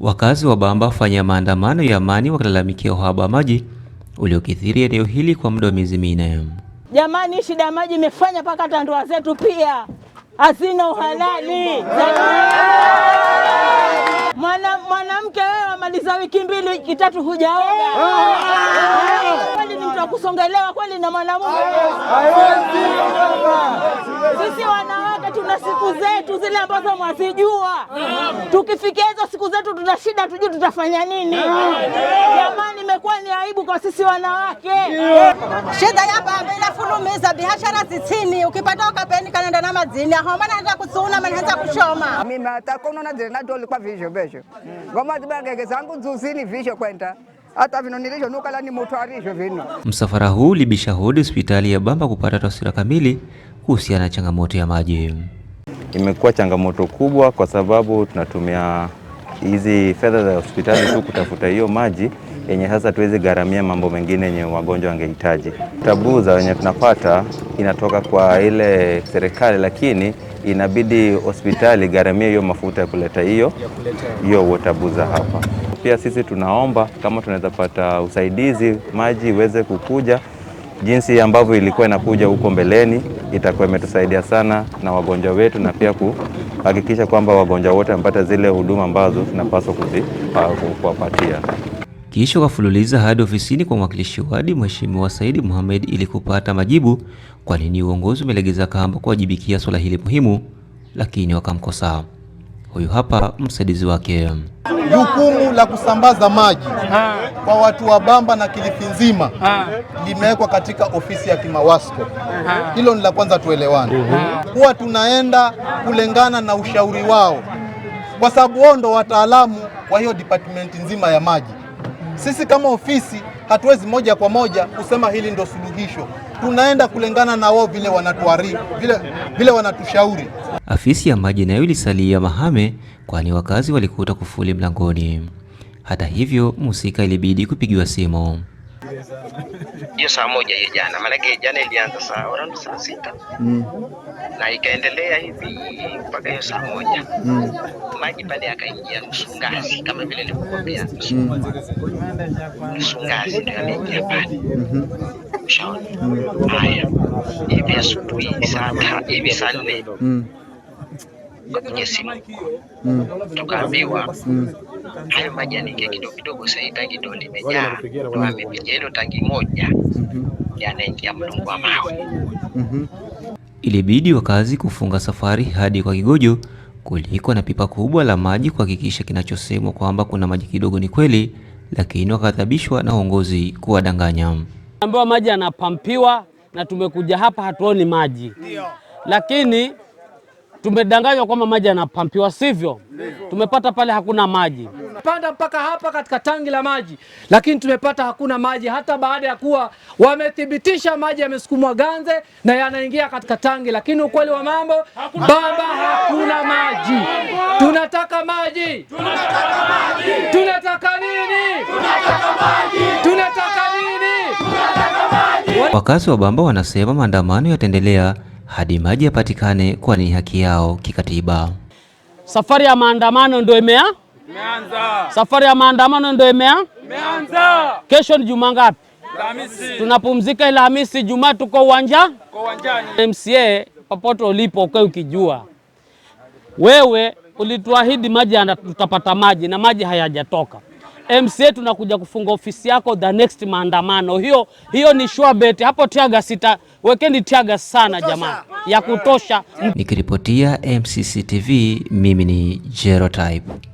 Wakazi wa Bamba fanya maandamano ya amani wakilalamikia uhaba wa maji uliokithiri eneo hili kwa muda wa miezi minne. Jamani, shida ya maji imefanya mpaka hata ndoa zetu pia hazina uhalali. Mwanamke wewe wamaliza wiki mbili wiki tatu hujaoga, kweli ni mtu wa kusongelewa kweli na mwanamume. Sisi wana wote tuna siku zetu zile ambazo mwazijua. Tukifikia hizo siku zetu, tuna shida, tujue tutafanya nini. Jamani, imekuwa ni aibu kwa sisi wanawake. shida yapa inafulumiza biashara zitini, ukipata ukapeni kanaenda na mazini maana naanza kusuna manaanza kushoma mimi hata kono na dole kwa vijo vesho ngoma zibagege zangu zuzini vijo kwenda hata vino nilichonuka ni mutwarisho vino. Msafara huu libisha hodi hospitali ya Bamba kupata taswira kamili kuhusiana na changamoto ya maji. Imekuwa changamoto kubwa kwa sababu tunatumia hizi fedha za hospitali tu kutafuta hiyo maji yenye sasa tuwezi gharamia mambo mengine yenye wagonjwa wangehitaji. Tabu za wenye tunapata inatoka kwa ile serikali, lakini inabidi hospitali gharamia hiyo mafuta ya kuleta hiyo hiyo watabu za hapa pia sisi tunaomba kama tunaweza pata usaidizi maji iweze kukuja jinsi ambavyo ilikuwa inakuja huko mbeleni, itakuwa imetusaidia sana na wagonjwa wetu, na pia kuhakikisha kwamba wagonjwa wote wamepata zile huduma ambazo tunapaswa ah, kuwapatia. Kisha wakafululiza hadi ofisini kwa mwakilishi wadi Mheshimiwa Saidi muhamed ili kupata majibu kwa nini uongozi umelegeza kamba kuwajibikia swala hili muhimu, lakini wakamkosaa. Huyu hapa msaidizi wake. Jukumu la kusambaza maji ha, kwa watu wa Bamba na Kilifi nzima limewekwa katika ofisi ya Kimawasco. Hilo ni la kwanza, tuelewane. Huwa tunaenda kulingana na ushauri wao, kwa sababu wao ndo wataalamu wa hiyo department nzima ya maji. Sisi kama ofisi hatuwezi moja kwa moja kusema hili ndo suluhisho, tunaenda kulingana na wao vile wanatuari, vile, vile wanatushauri. Afisi ya maji nayo ilisalia mahame, kwani wakazi walikuta kufuli mlangoni. Hata hivyo, musika ilibidi kupigiwa simu hiyo saa moja hiyo jana, maanake jana ilianza saa around saa sita mm. na ikaendelea hivi mpaka hiyo saa moja mm. maji pale yakaingia msungazi, kama vile nilikuambia msungazi mm. ngazi ndio pale mhm. shaoni haya hivi asubuhi saa hivi saa nne mm kwenye simu mm. tukaambiwa mm. haya majani ya kidogo kidogo tangi ndo limejaa, ndo hilo tangi moja mm -hmm. yanaingia mlungu wa mawe mm -hmm. Ilibidi wakazi kufunga safari hadi kwa Kigojo kuliko na pipa kubwa la maji kuhakikisha kinachosemwa kwamba kuna maji kidogo ni kweli, lakini wakadhabishwa na uongozi kuwadanganya. Ambayo maji yanapampiwa na tumekuja hapa hatuoni maji, lakini Tumedanganywa kwamba maji yanapampiwa, sivyo? Tumepata pale hakuna maji, panda mpaka hapa katika tangi la maji, lakini tumepata hakuna maji, hata baada ya kuwa wamethibitisha maji yamesukumwa ganze na yanaingia katika tangi, lakini ukweli wa mambo baba, hakuna maji. Tunataka maji, tunataka nini? Tunataka nini? Wakazi wa Bamba wanasema maandamano yataendelea hadi maji yapatikane, kwani ni haki yao kikatiba. Safari ya maandamano ndio imea imeanza. Safari ya maandamano ndio imea imeanza. Kesho ni juma ngapi? Alhamisi. Tunapumzika Alhamisi, Jumaa tuko uwanja kwa uwanjani. MCA popote ulipo, ukae ukijua wewe ulituahidi maji, tutapata maji na maji hayajatoka. MCA tunakuja kufunga ofisi yako the next maandamano. Hiyo hiyo ni sure bet. Hapo tiaga sita, wekeni tiaga sana jamaa ya kutosha. Nikiripotia MCC TV mimi ni Jero Type.